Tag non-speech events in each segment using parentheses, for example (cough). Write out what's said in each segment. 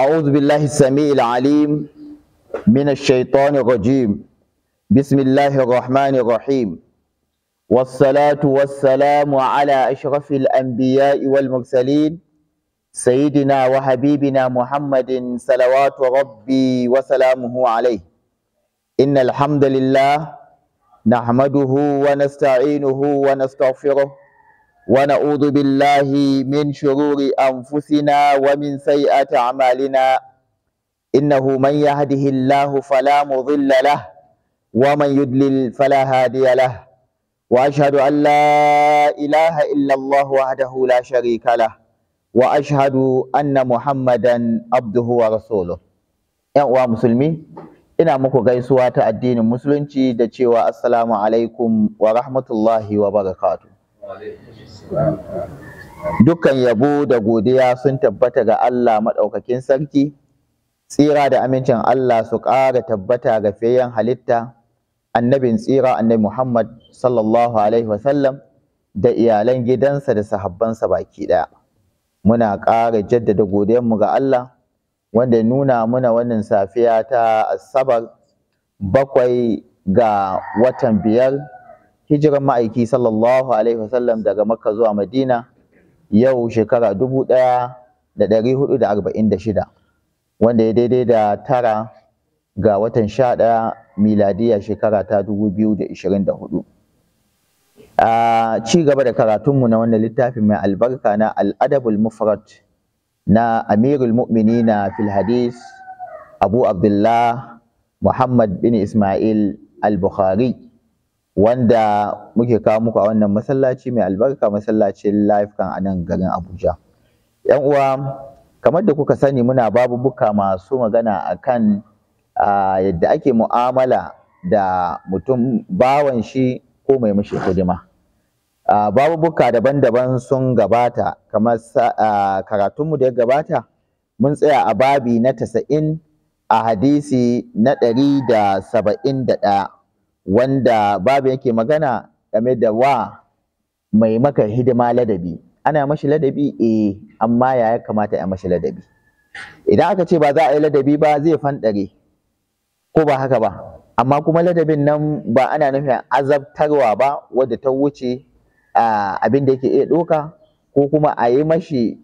أعوذ بالله السميع العليم من الشيطان الرجيم بسم الله الرحمن الرحيم والصلاة والسلام على أشرف الأنبياء والمرسلين سيدنا وحبيبنا محمد صلوات ربي وسلامه عليه إن الحمد لله نحمده ونستعينه ونستغفره wa na'udhu billahi min shururi anfusina wa min sayyiati a'malina innahu man yahdihillahu fala mudilla lah wa man yudlil fala hadiya lah wa ashhadu an la ilaha illa Allah wahdahu la sharika lah wa ashhadu anna Muhammadan abduhu wa rasuluhu ayu wa muslimi ina muku gaisuwa ta addinin musulunci da cewa asalamu alaikum wa rahmatullahi wa barakatu. Dukkan yabo da godiya sun tabbata ga Allah maɗaukakin sarki, tsira da amincin Allah su ƙara tabbata ga fiyayyen halitta, annabin tsira annabi Muhammad sallallahu Alaihi wasallam da iyalan gidansa da sahabbansa baki ɗaya. Muna ƙara jaddada godiyanmu ga Allah, wanda nuna muna wannan safiya ta Asabar bakwai ga watan biyar hijiran ma'aiki sallallahu alaihi wasallam daga makka zuwa madina yau shekara dubu ɗaya da ɗari hudu da arba'in da shida wanda ya daidai da tara ga watan sha ɗaya miladiya shekara ta dubu biyu da ishirin da hudu a ci gaba da karatunmu na wannan littafin mai albarka na al'adabul mufrad na amirul mu'minina fil hadis abu abdullah muhammad bin ismail al-bukhari wanda muke kawo muku a wannan masallaci mai albarka masallacin life kan a nan garin abuja yan uwa kamar da kuka sani muna babu buka masu magana akan yadda ake mu'amala da mutum bawan shi ko mai mishi hidima buka daban-daban sun gabata kamar karatunmu da ya gabata mun tsaya a babi na tasa'in a hadisi na ɗari da saba'in da ɗaya wanda babu yake magana game da wa mai maka hidima ladabi ana mashi ladabi eh amma ya ya kamata ya mashi ladabi idan aka ce ba za a yi ladabi ba zai fanɗare ko ba haka ba amma kuma ladabin nan ba ana nufin azabtarwa ba wadda ta wuce abin da yake iya ɗoka ko kuma a yi mashi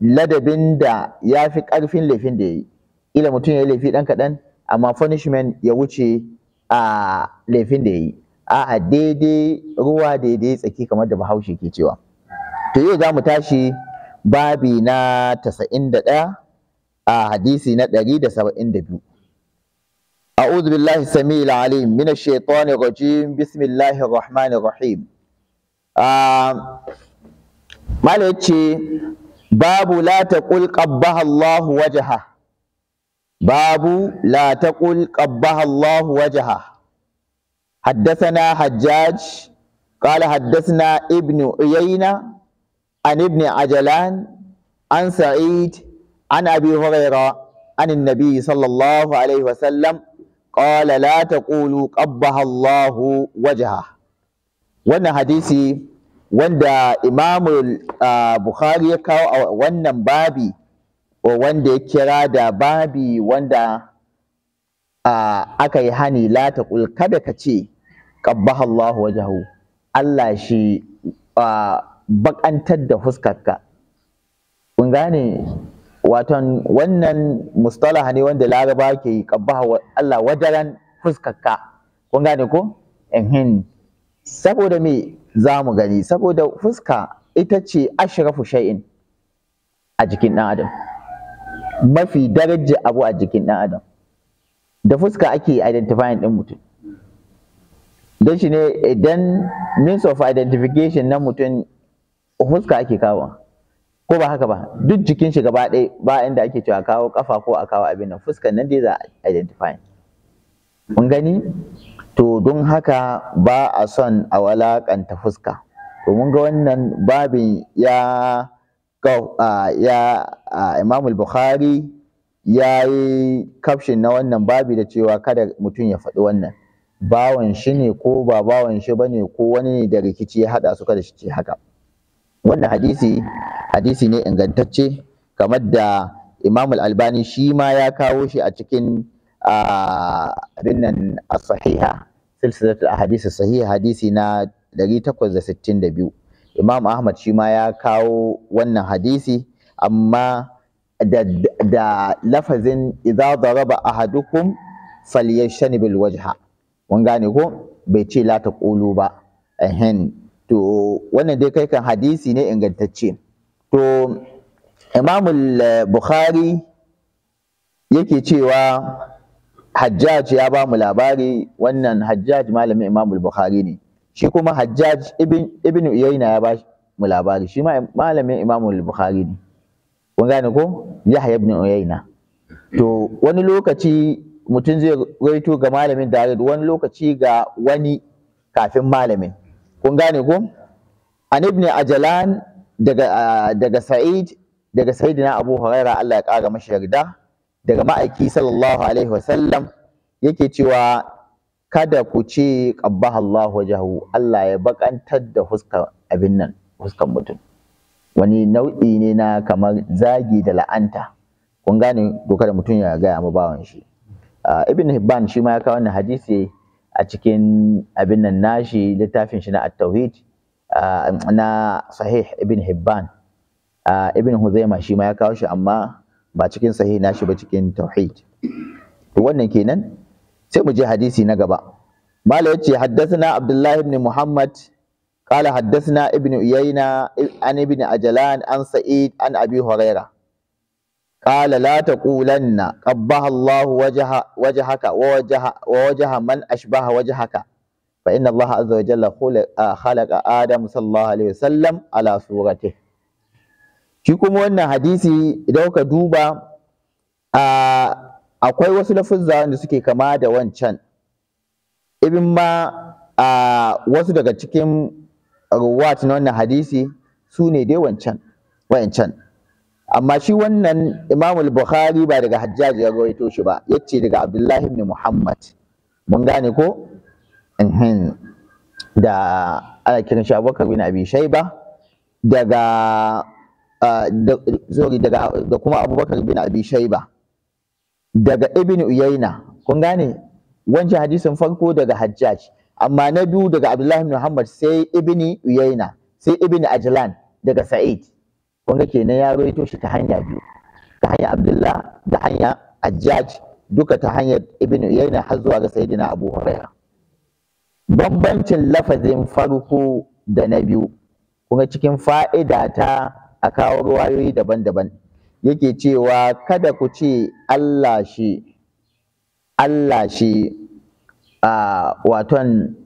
ladabin da ya fi ƙarfin laifin da ya yi ila mutum ya yi laifi ɗan kaɗan amma punishment ya wuce a laifin da ya yi a daidai ruwa daidai tsaki kamar da bahaushe ke cewa to yau za mu tashi babi na 91 a hadisi na 172 a'udhu billahi samil alim min ash rajim bismillahir rahmanir rahim malaci babu la taqul qabbaha allah wajha باب لا تقل قبح الله وجهه حدثنا حجاج قال حدثنا ابن عيينة عن ابن عجلان عن سعيد عن أبي هريرة عن النبي صلى الله عليه وسلم قال لا تقولوا قبح الله وجهه وانا حديثي wanda imamul bukhari ya kawo a wannan babi wanda ya kira da babi wanda aka yi hani la ta kada ka ce qabbaha Allah wajahu Allah shi bakantar da fuskarka kun gane waton wannan mustalaha ne wanda laraba ke yi qabbaha Allah wajaran fuskarka kun gane ko ehin saboda me za mu gani saboda fuska ita ce ashirafu shay'in a jikin ɗan adam mafi daraja abu a jikin ɗan adam da fuska ake identifying ɗin mutum don shi ne idan means of identification na mutum fuska ake kawo ko ba haka ba duk jikin shi gaba ɗaya ba inda ake cewa kawo kafa ko a kawo abin nan fuskan nan dai za a identifying mun gani to don haka ba a son a walakanta fuska to mun ga wannan babin ya ya Imam al-Bukhari ya yi caption na wannan babi da cewa kada mutum ya faɗi wannan bawan shi ne ko ba bawan shi bane ko wani ne da rikici ya haɗa su kada shi ce haka wannan hadisi hadisi ne ingantacce kamar da Imam albani shi ma ya kawo shi a cikin abinnan nan as-sahiha silsilatul ahadith as-sahiha hadisi na 862 imam ahmad shi ma ya kawo wannan hadisi amma da, da lafazin idza daraba ahadukum falyashani bil wajha mun gane ko bai ce la ta qulu ba ehin to wannan dai kai kan hadisi ne ingantacce to imam bukhari yake cewa hajjaj ya ba mu labari wannan hajjaj malamin imam bukhari ne shi kuma hajjaj ibn uyayna ya bashi mu labari shi ma malamin Imam al bukhari ne kun gane ko yahya ibn uyayna to wani lokaci mutum zai raito ga malamin darid wani lokaci ga wani kafin malamin kun gane ko an ibn ajalan daga daga sa'id daga sayyidina abu huraira Allah ya kara mashi yarda daga ma'aiki sallallahu alaihi wasallam yake cewa kada ku ce Allah wajahu Allah ya baƙantar da fuskar abin nan fuskar mutum wani nau'i ne na kamar zagi da la'anta kun gane dokar da mutum ya gaya ma bawan shi ibn hibban shi ma ya kawo wannan hadisi a cikin abin nan nashi littafin shi na at-tauhid na sahih ibn hibban ibn huzaima shi ma ya kawo shi amma ba cikin sahih nashi ba cikin tauhid to wannan kenan sai mu je hadisi na gaba mala yace haddathana abdullahi ibn muhammad qala haddathana ibn uyayna an ibn ajlan an sa'id an abi huraira qala la taqulanna qabbaha allah wajha wajhaka wa wajha wa wajha man ashbaha wajhaka fa inna allah azza wa jalla khalaqa adam sallallahu alaihi wasallam ala suratihi shi kuma wannan hadisi idan ka duba a akwai wasu lafuzza wanda suke kama da wancan ibin ma a wasu daga cikin ruwat na wannan hadisi su ne dai wancan wancan amma shi wannan imamul bukhari ba daga hajjaji ya rawaito shi ba yace daga abdullahi ibn muhammad mun gane ko da ana kiran shi abubakar bin abi shayba daga sorry daga kuma abubakar bin abi shaiba daga ibn uyaina kun gane wancan hadisin farko daga hajjaj amma na biyu daga abdullahi ibn muhammad sai ibn uyaina sai ibn ajlan daga sa'id kun ga kenan ya rawaito shi ta hanya biyu ta hanya abdullah da hanya hajjaj duka ta hanyar ibn uyaina har zuwa ga sayyidina abu huraira bambancin lafazin farko da na biyu kuma cikin fa'ida ta a kawo ruwayoyi daban-daban yake cewa kada ku ce Allah shi Allah shi a waton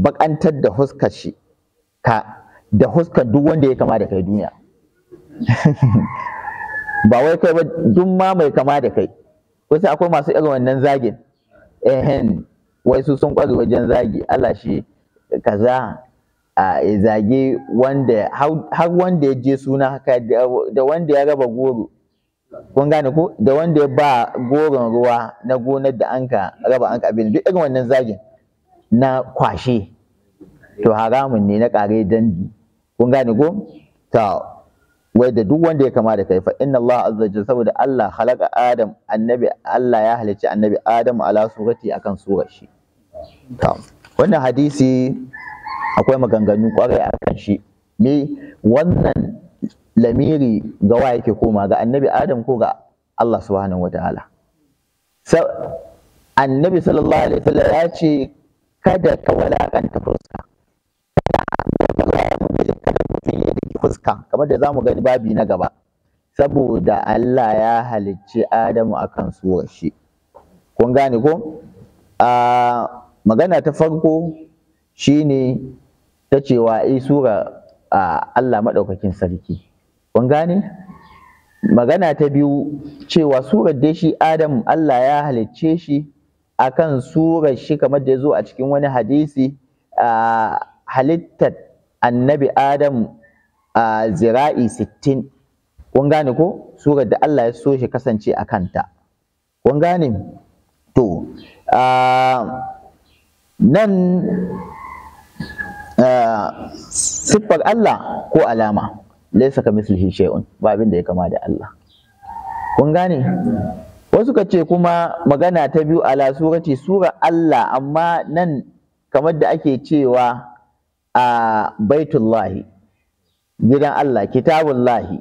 bakantar da huskar shi ka da huskar duk wanda ya kama da kai duniya (laughs) ba wai kai ba duk ma mai kama da kai wasu akwai masu irin wannan zagin ehen wai su sun kwazo wajen zagi Allah shi kaza a zage wanda har wanda ya je suna haka da wanda ya raba goro kun gane ku? da wanda ya ba goron ruwa na gonar da anka raba anka abin duk irin wannan zagin na kwashe to haramun ne na kare dandi kun gane ku? to wai da duk wanda ya kama da kai fa inna Allah azza wajalla saboda Allah halaka Adam annabi Allah ya halicci annabi Adam ala surati akan surar shi to wannan hadisi akwai maganganu kwarai akan shi me wannan lamiri ga wa yake koma ga annabi adam ko ga Allah subhanahu wataala so, annabi sallallahu alaihi wasallam ya ce kada ka walakanta fuska kada mutum ya rike fuska kamar da zamu gani babi na gaba saboda Allah ya halicci Adamu akan suwar shi kun gane ko a magana ta farko shine ta cewa ai eh, sura Allah madaukakin sarki kun gane magana ta biyu cewa surar dai shi adam Allah ya halicce shi akan surar shi kamar da ya zo a cikin wani hadisi a halittar annabi adam a zira'i sittin kun gane ko surar da Allah ya so shi kasance a kanta kun gane to nan siffar Allah ko alama laisa ka mislihi shay'un ba abin da ya kama da Allah kun gane wasu ka ce kuma magana ta biyu ala surati sura Allah amma nan kamar da ake cewa a baitullahi gidan Allah kitabullahi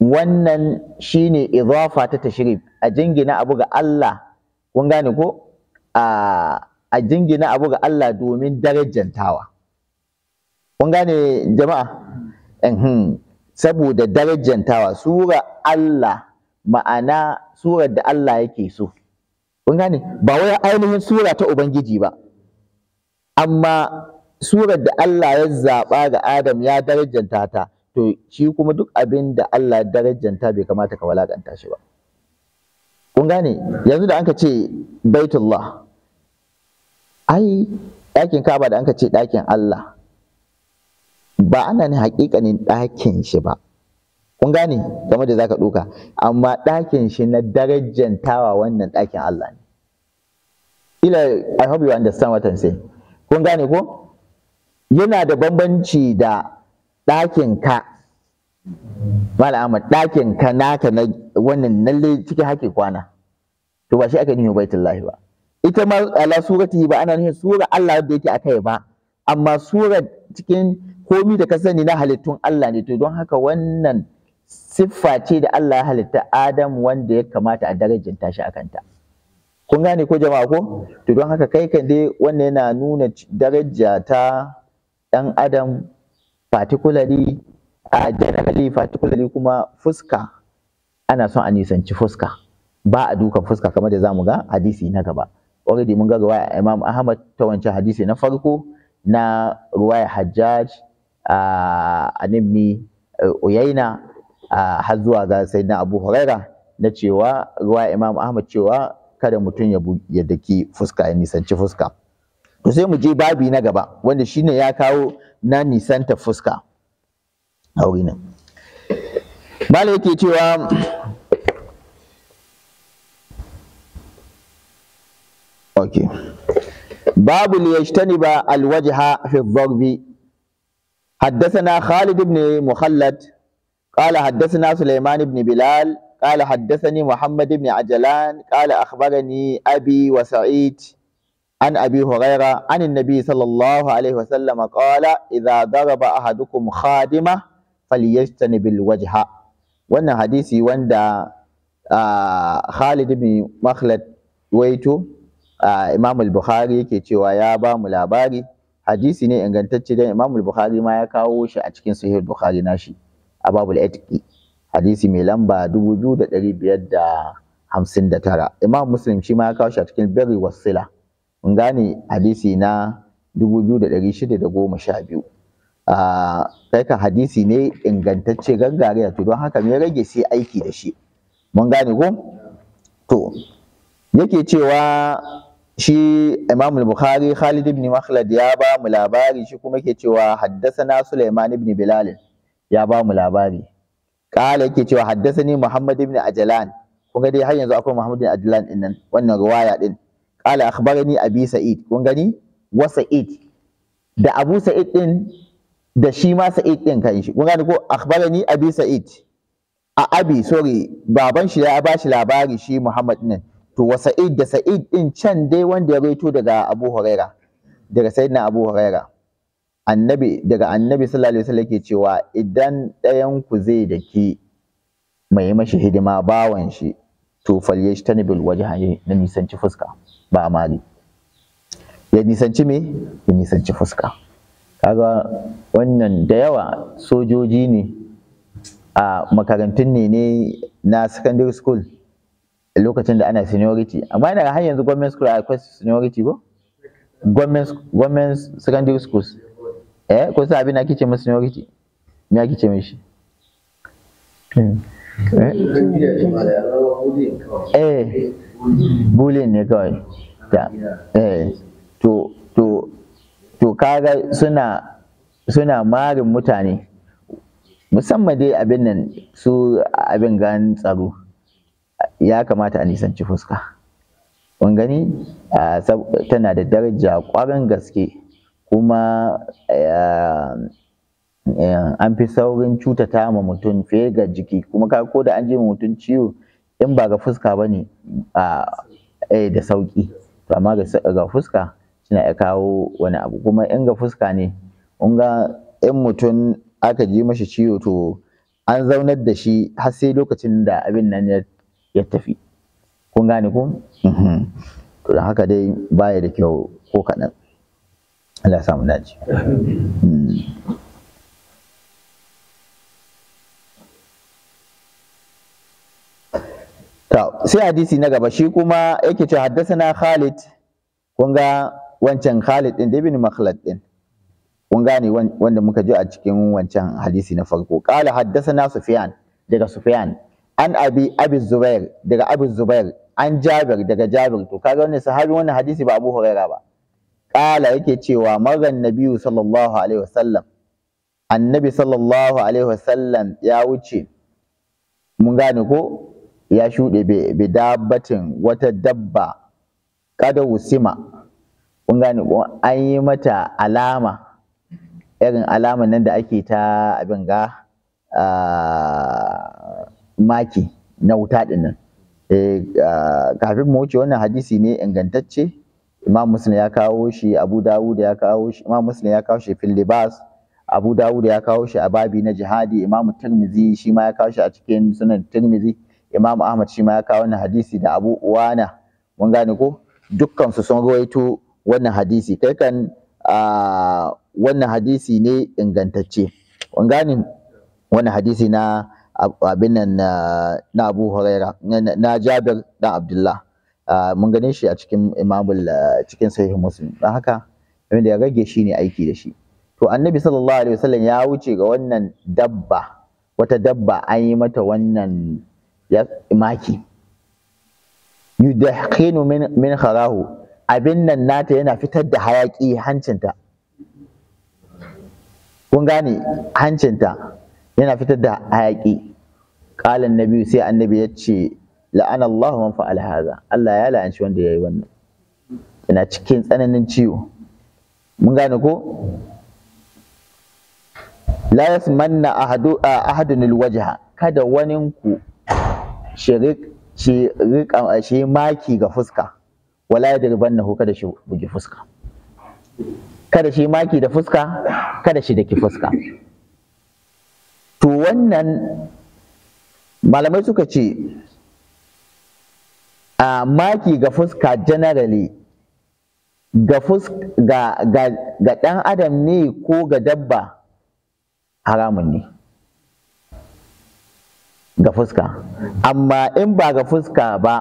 wannan shine idafa ta tashrif a jingina abu ga Allah kun gane ko a a jingina abu ga Allah domin darajantawa kun gane jama'a Hmm. saboda darajantawa sura Allah ma'ana surar da Allah yake so kun gane ba wai ainihin sura ta ubangiji ba amma surar da Allah ya zaɓa ga Adam ya darajanta ta to shi kuma duk abin da Allah ya darajanta bai kamata ka walakanta shi ba kun gane yanzu da anka ce baitullah ai ɗakin kaba da anka ce ɗakin Allah ba ana ne hakikanin ɗakin shi ba kun gane game da zaka ɗuka amma ɗakin shi na tawa wannan ɗakin Allah ne ila I hope you understand what I'm saying kun gane ko yana da bambanci da ɗakin ka Mala Ahmad ɗakin ka naka na wannan nalle cikin haƙi kwana to ba shi aka nufi baitullahi ba ita ma ala surati ba ana nufin sura Allah da yake kai ba amma surar cikin komi da ka sani na halittun Allah ne to don haka wannan siffa ce da Allah ya halitta Adam wanda ya kamata a tashi a kanta. kun gane ko jama'a ko to don haka kai kan dai wannan yana nuna daraja ta dan Adam particularly a generally particularly kuma fuska ana son a nisanci fuska ba a dukan fuska kamar da zamu ga hadisi na gaba already mun ga a Imam Ahmad ta wancan hadisi na farko na ruwaya hajjaj a ibni eh, uyaina har zuwa ga na abu huraira na cewa ruwa imam ahmad cewa kada mutum ya daki fuska ya nisanci fuska to sai mu je babi na gaba wanda shine ya kawo na nisanta fuska a Bala yake cewa okay babu liyajtaniba alwajha fi dharbi حدثنا خالد بن مخلد قال حدثنا سليمان بن بلال قال حدثني محمد بن عجلان قال أخبرني أبي وسعيد عن أبي هريرة عن النبي صلى الله عليه وسلم قال إذا ضرب أحدكم خادمة فليجتنب الوجه وأن حديثي وأن آه خالد بن مخلد ويتو Imam al-Bukhari yake cewa ya ba mu labari hadisi ne ingantacce dan Imam al-Bukhari ma ya kawo shi a cikin Sahih Bukhari nashi a babul etiqi hadisi mai lamba 2559 Imam Muslim shi ma ya kawo shi a cikin Bari wasila mun gane hadisi na 2612 a kai ka hadisi ne ingantacce gangare to don haka me rage sai aiki da shi mun gane ko to yake cewa shi Imam Bukhari Khalid ibn Makhlad ya ba mu labari shi kuma ke cewa haddasana Sulaiman ibn Bilal ya ba mu labari kala yake cewa haddasani Muhammad ibn Ajlan kun ga dai har yanzu akwai Muhammad ibn Ajlan din nan wannan riwaya din kala akhbarani Abi Sa'id kun gani wa Sa'id da Abu Sa'id din da shi ma Sa'id din kan shi kun gani ko akhbarani Abi Sa'id a Abi sorry baban shi ya ba shi labari shi Muhammad din to wa sa'id da sa'id din can dai wanda ya raito daga abu huraira daga sayyidina abu huraira annabi daga annabi sallallahu alaihi wasallam yake cewa idan ɗayan ku zai daki mai mashi hidima bawan shi to falyajtanibil wajhayn na nisanci fuska ba mali ya nisanci me ya nisanci fuska kaga wannan da yawa sojoji ne a makarantun ne na secondary school lokacin da ana seniority amma ina har yanzu government school akwai seniority ko government government secondary schools eh ko sai abin ake ce masa seniority me ake ce mishi hmm. eh? eh bullying ne kawai ta eh to to to kaga suna suna marin mutane musamman dai abin nan su abin gan tsaro ya kamata a nisanci fuska kun gani tana da daraja ƙwarin gaske kuma an fi saurin cutata ma mutum fiye ga jiki kuma ka ko da an ji mutum ciwo in ba ga fuska ba ne eh, da sauki amma ga fuska suna iya kawo wani abu kuma in ga fuska ne in ga in mutum aka ji mashi ciwo to an zaunar da shi har sai lokacin da abin nan ya ya tafi kun gane ko mhm. to haka dai baya da kyau ko kaɗan Allah samu dace sai hadisi na gaba shi kuma yake ce haddasana Khalid kun ga wancan Khalid din da ibn Makhlad din kun gane wanda muka ji a cikin wancan hadisi na farko qala haddasana Sufyan daga Sufyan an abi abin zubair daga abin zubair an jabir daga jabir to kaga wannan sahabi wannan hadisi ba abu huraira ba kala yake cewa magan nabiyu sallallahu alaihi wasallam annabi sallallahu alaihi wasallam ya wuce mun gane ko ya shuɗe bi dabbatin wata dabba kada wusima mun gane ko an yi mata alama irin alaman nan da ake ta abin ga ah, maki na wuta dinnan eh, kafin mu wuce wannan hadisi ne ingantacce imam muslim ya kawo shi abu dawud ya kawo shi imam muslim ya kawo shi fil libas abu dawud ya kawo shi a babi na jihadi imam tirmizi shi ma ya kawo shi a cikin sunan tirmizi imam ahmad shi ma ya kawo wannan hadisi da abu uwana mun gane ko dukkan su sun rawaito wannan hadisi kai kan wannan hadisi ne ingantacce mun gane wannan hadisi na abin nan na Abu Huraira na Jabir dan Abdullah ah, mun gane shi a cikin imamul ah, cikin sahih muslim dan haka da ya rage shi ne aiki da shi to annabi sallallahu alaihi wasallam ya wuce ga wannan dabba wata dabba an yi mata wannan ya maki yudhakinu min min kharahu abin nan nata yana fitar da hayaki hancinta kun gane hancinta yana fitar da hayaki ƙalan nabi sai annabi ya ce la'ana Allahu man fa'ala Allah ya la'anci wanda ya yi wannan yana cikin tsananin ciwo mun gane ko la yasmanna ahadu ahadun alwajha kada wani ku shirik shi rika shi maki ga fuska wala yadribannahu kada shi bugi fuska kada shi maki da fuska kada shi daki fuska to wannan malamai suka ce a maki ga fuska generally ga ga ɗan adam ne ko ga dabba haramun ne ga fuska amma in ba ga fuska ba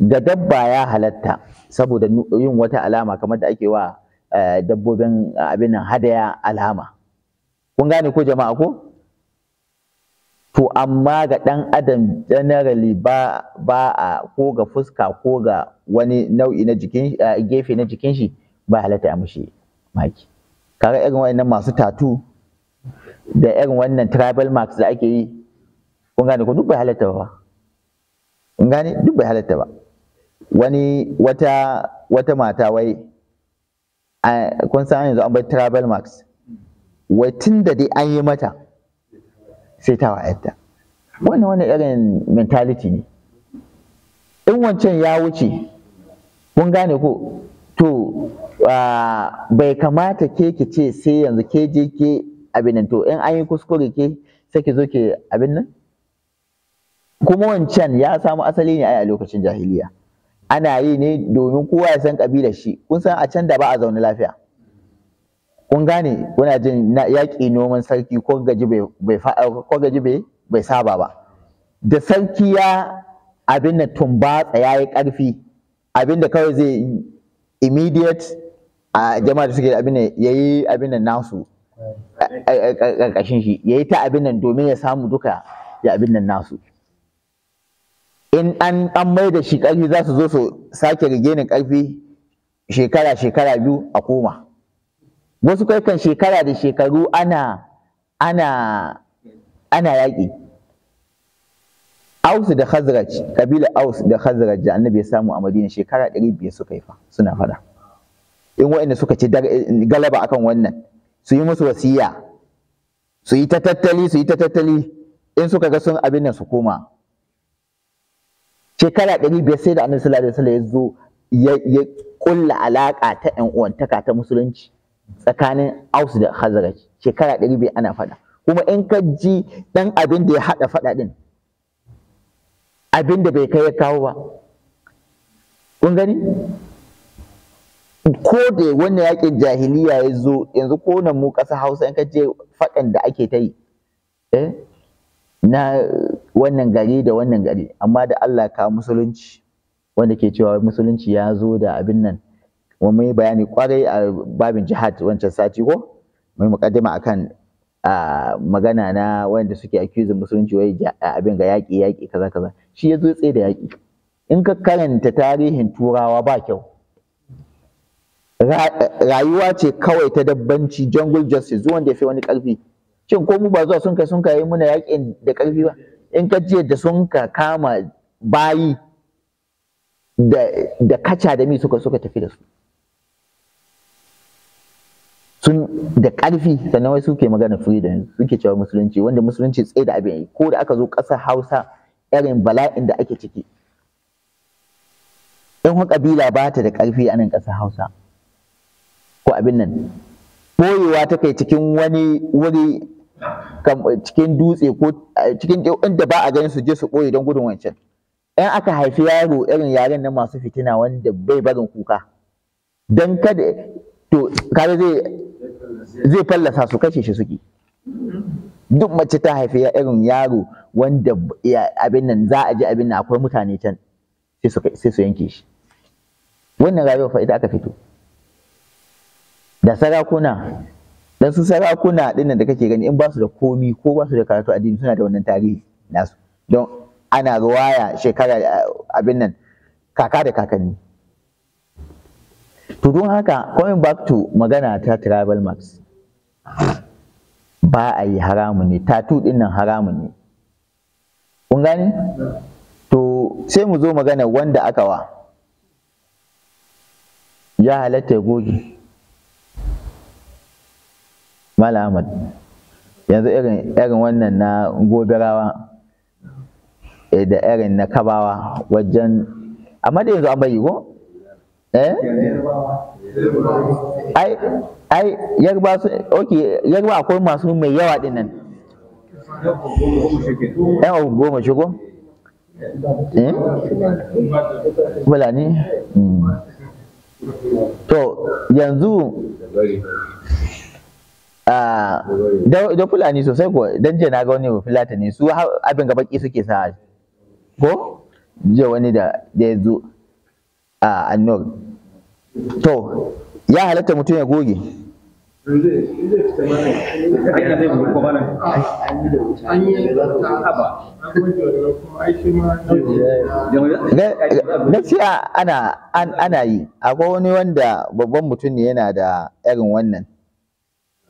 ga dabba ya halatta saboda yin wata alama kamar da ake wa eh, dabbobin abin hadaya alama kun gane ko jama'a ko to amma ga ɗan adam generally ba ba a ko ga fuska ko ga wani nau'i na jikin eh, gefe na jikin shi ba halatta a mushe maki kaga irin wayannan masu tatu da irin wannan tribal marks da ake yi kun gane ko duk bai halatta ba kun gane duk bai halatta ba wani wata wata mata wai kun san yanzu an bar tribal marks wai tun da dai an yi mata sai ta wayarta wannan wani irin mentality ne in wancan ya wuce kun gane ko to bai kamata ke ki ce sai yanzu ke je ke abin to in an yi kuskure ke sai ki zo ke abin nan kuma wancan ya samu asali ne a lokacin jahiliya ana yi ne domin kowa ya san kabilar shi kun san a can da ba a zaune lafiya kun gane kuna jin na yaƙi noman sarki ko gaji bai ko gaji bai saba ba da sarki ya abin da tumbatsa ya yi ƙarfi abin da kawai zai immediate a jama'a da suke abin ya yi abin da nasu ƙarƙashin shi ya yi ta abin nan domin ya samu duka ya abin nan nasu in an an mai da shi ƙarfi za su zo su sake rigenin ƙarfi shekara shekara biyu a koma wasu kai kan shekara da shekaru ana ana ana yaƙi aus da khazraj kabila aus da khazraj da annabi ya samu a madina shekara ɗari suka yi fa suna fada in waɗanda suka ci galaba akan wannan su yi musu wasiya su yi ta tattali su yi ta tattali in suka ga sun abin nan su koma shekara ɗari sai da annabi sallallahu alaihi wasallam ya zo ya kulla alaƙa ta ƴan uwantaka ta musulunci tsakanin Aus da Khazraj shekara ɗari ana faɗa kuma in ka ji ɗan abin da ya haɗa faɗa ɗin abin da bai kai ya kawo ba kun gani ko da wannan yakin jahiliya ya zo yanzu ko nan mu ƙasa Hausa in ka je faɗan da ake ta yi eh na wannan gari da wannan gari amma da Allah ka musulunci wanda ke cewa musulunci ya zo da abin nan mun yi bayani kwarai a babin jihad wancan sati ko mun mukaddima akan magana na wanda suke accusing musulunci wai abin ga yaƙi yaƙi kaza kaza shi ya zo tsaye da yaƙi in ka karanta tarihin turawa ba kyau rayuwa ce kawai ta dabbanci jungle justice zuwan da ya fi wani ƙarfi shin ko mu ba zuwa sun kai sun kai muna yaƙin da ƙarfi ba in ka je da sun ka kama bayi da kaca da mi suka suka tafi da su sun da ƙarfi sannan wai suke magana freedom suke cewa musulunci wanda musulunci tsaye da abin yi ko da aka zo ƙasar hausa irin bala'in da ake ciki in wa ƙabila ba ta da ƙarfi a nan ƙasar hausa ko abin nan ɓoyewa ta kai cikin wani wuri cikin dutse ko eh, cikin inda ba a ganin su je su ɓoye don gudun wancan in aka haifi yaro irin yaren na masu fitina wanda bai barin kuka don kada to kare zai zai fallasa su kashe shi suke duk mace ta haifi ya irin yaro wanda abin nan za a ji abin nan akwai mutane can sai su yanke shi wannan rayuwar fa ita aka fito da sarakuna dan su sarakuna din da kake gani in ba su da komi ko ba su da karatu addini suna da wannan tarihi nasu don ana ruwaya shekara abin nan kaka da kakanni to don haka coming back to magana ta travel max ba a yi haramun ne tattoo din nan haramun ne kun gani to sai mu zo magana wanda aka wa ya halatta ya goge mala ahmad yanzu irin irin wannan na goberawa eh, da irin na kabawa wajen amma da yanzu an bayi ko eh ai ai yarba su akwai masu mai yawa din nan yan goma shigo eh fulani hmm. to yanzu ah, da fulani sosai ko dan je na ga wani fulata su abin gaba ki suke sa ko je wani da ya zo a annur to ya halatta mutum ya goge gaskiya ana ana yi akwai wani wanda babban mutum ne yana da irin wannan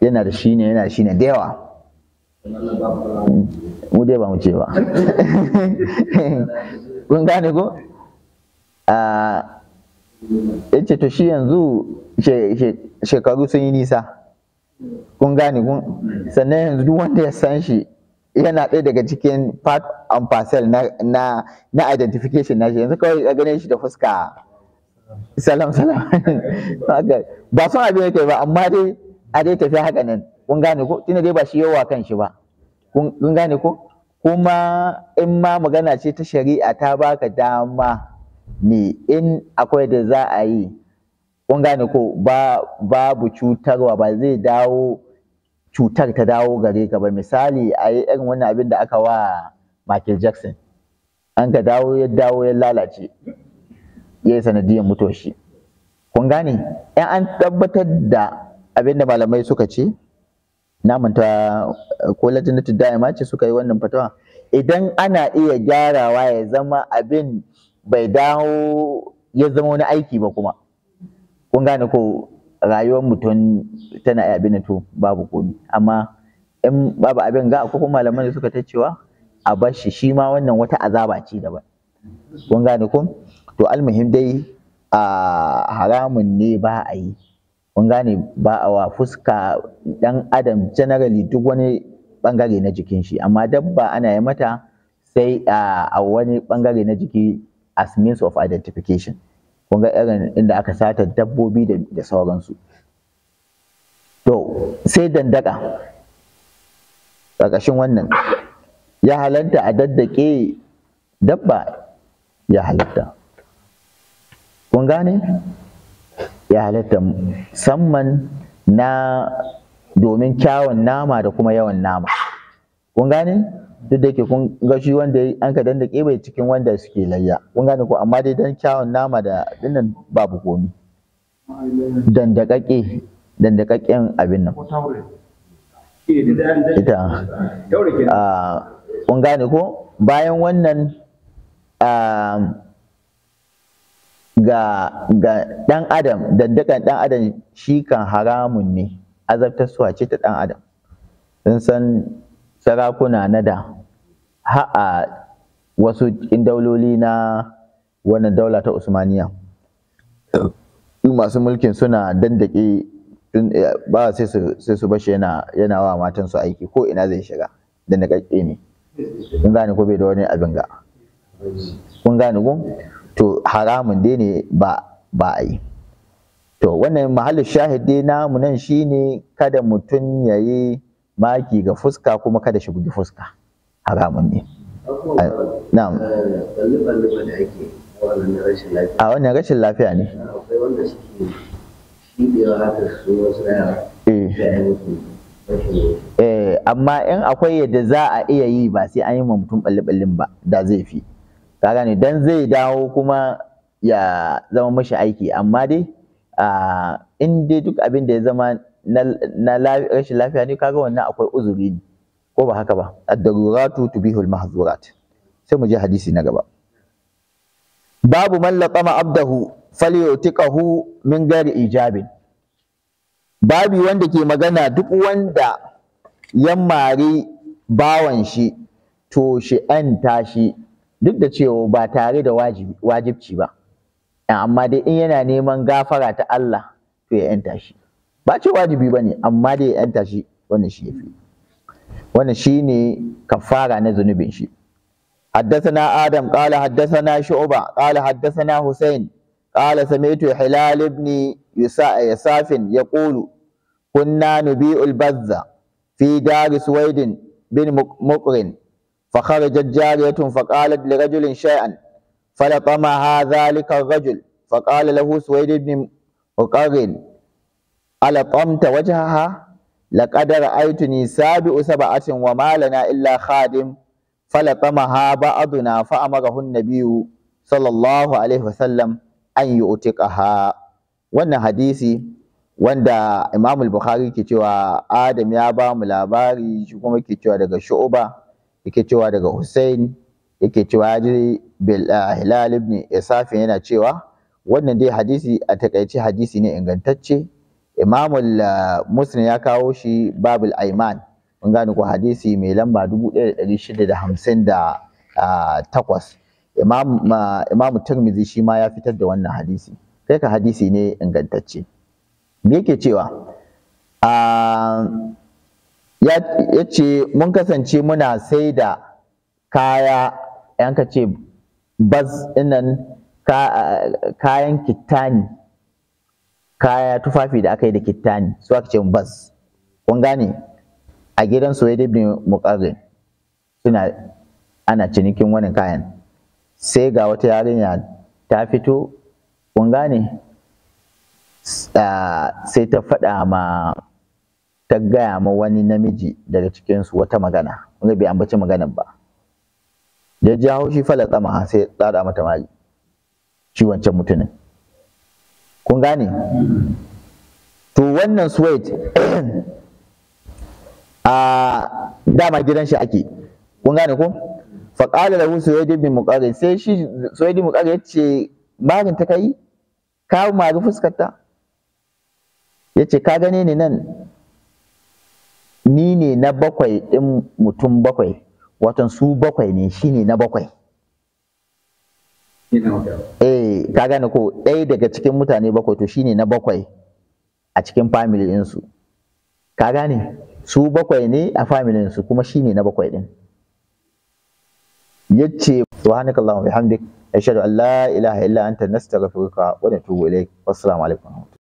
yana da shi ne yana shi ne da yawa mu dai ba mu ce ba (laughs) kun gane ko ya ce to shi yanzu shekaru sun yi nisa kun gane kun sannan yanzu duk wanda ya san shi yana ɗaya daga cikin part and parcel na na na identification na shi yanzu kawai ya gane shi da fuska salam salam (laughs) ba son abin yake ba amma dai a dai tafi haka nan kun gane ko tunda dai ba shi yawa kan shi ba kun gane ko kuma in ma magana ce ta shari'a ta baka dama ne in akwai da za a yi kun gane ko ba babu cutarwa ba zai dawo cutar ta dawo gare ka ba misali a yi irin wannan abin da aka wa Michael Jackson an ka dawo ya dawo ya lalace ya yi sanadiyar mutoshi kun gane in an tabbatar da abin da malamai suka ce na manta ko lajinatu da'ima ce suka yi wannan fatawa idan ana iya gyarawa ya zama abin bai dawo ya zama wani aiki ba kuma kun gane ko rayuwar mutum tana abin to babu komi amma in babu abin ga akwai malaman da suka ta cewa a bar shi shi ma wannan wata azaba ce daban kun gane ko to almuhim dai a haramun ne ba a yi kun gane ba a wa fuska dan adam janarali duk wani bangare na jikin shi amma dabba ana yi mata sai a wani bangare na jiki as means of identification Kunga ga irin inda aka sata dabbobi da sauransu to sai dandaka ƙarƙashin wannan ya halatta a daddake dabba ya halatta kun gane ya halatta musamman na domin kyawun nama da kuma yawan nama kun gane duk da ke kun ga shi wanda an ka danda bai cikin wanda suke layya kun gane ko amma dai dan kyawun nama da dinnan babu komi dandakakke dandakakken abin nan ita a ah, kun gane ko bayan wannan ah, ga ga dan adam dandakan dan adam shi kan haramun ne azabtar suwa ce ta dan adam san sarakuna na da a wasu in dauloli na wannan daula ta usmaniya masu mulkin suna dandake eh, ba sai su sai su bashi yana yana wa matan su aiki ko ina zai shiga da nakakke ne kun gane ko bai da wani abin ga kun gane ko to haramun dai ne ba ba ai to wannan mahallin shahidi dai namu nan shine kada mutum yayi maki ga fuska kuma kada shi bugi fuska haramun ne na'am a wannan rashin lafiya ne eh. eh, amma in akwai yadda za a iya yi ba sai an yi ma mutum ɓalli-ɓallin ba da zai fi gane dan zai dawo kuma ya zama mashi aiki amma dai ah, in dai duk abin da ya zama na rashin lafiya ne kaga wannan akwai uzuri ne ko ba haka ba ad-daruratu tubihul mahzurat sai mu je hadisi na gaba babu man laqama abdahu falyutiqahu min gari ijabin babu wanda ke magana duk wanda ya mari bawan shi to shi an tashi duk da cewa ba tare da wajibci ba amma dai in yana neman gafara ta Allah to ya 'yanta tashi. ba ce wajibi ba ne amma dai ya yanta shi wannan shi ya fi wannan shi ne kafara na zunubin shi حدثنا آدم قال حدثنا شعبة قال حدثنا حسين قال سمعت هلال بن يساف يقول كنا نبيع البذة في دار سويد بن مقرن فخرجت جارية فقالت لرجل شيئا فلطمها ذلك الرجل فقال له سويد بن مقرن alaƙamta wajaha laƙadar aituni sabi'u saba'atin wa malana illa khadim falatamaha ba'aduna fa'amarahun nabiyu sallallahu alaihi wasallam an yi utiƙaha wannan hadisi wanda imam bukhari ke cewa adam ya ba mu labari shi kuma ke cewa daga shu'uba yake cewa daga hussein yake cewa ya ji ah, hilal ibn isafin yana cewa wannan dai hadisi a takaice hadisi ne ingantacce imamul eh, muslim ya kawo shi babul aiman mun gane ko hadisi mai lamba 1658 ah, imam imam tirmidhi shi ma ya fitar da wannan hadisi kai ka hadisi ne ingantacce me yake cewa ah, ya ce mun kasance muna sai da kaya yanka ce baz ɗinnan ah, kayan kittani kaya tufafi da aka yi da kittani su aka ce bas kun gane a gidan soyayya ibn muqarrin suna ana cinikin wani kayan sai ga wata yarinya ta fito kun gane sai ta faɗa ma ta gaya ma wani namiji daga cikinsu wata magana wanda bai ambaci maganar ba da jawo shi tsama sai tsada mata mali ciwon can mutumin kun gane to wannan suwaid (clears throat) a dama gidan shi ake kun gane ko fa qala lahu suwaid ibn muqarrib sai shi suwaid ibn muqarrib yace barin ta kai ka ma ga fuskar ta yace ka gane ni nan ni ne na bakwai din mutum bakwai watan su bakwai ne shine na bakwai eh ka gane ko ɗaya daga cikin mutane bakwai to shine na bakwai a cikin family din su. ka gane su bakwai ne a family din su kuma shine na bakwai din. yace subhanaka allahumma bihamdik ashhadu an la ilaha illa anta nastaghfiruka wa natubu ilayk Assalamu alaikum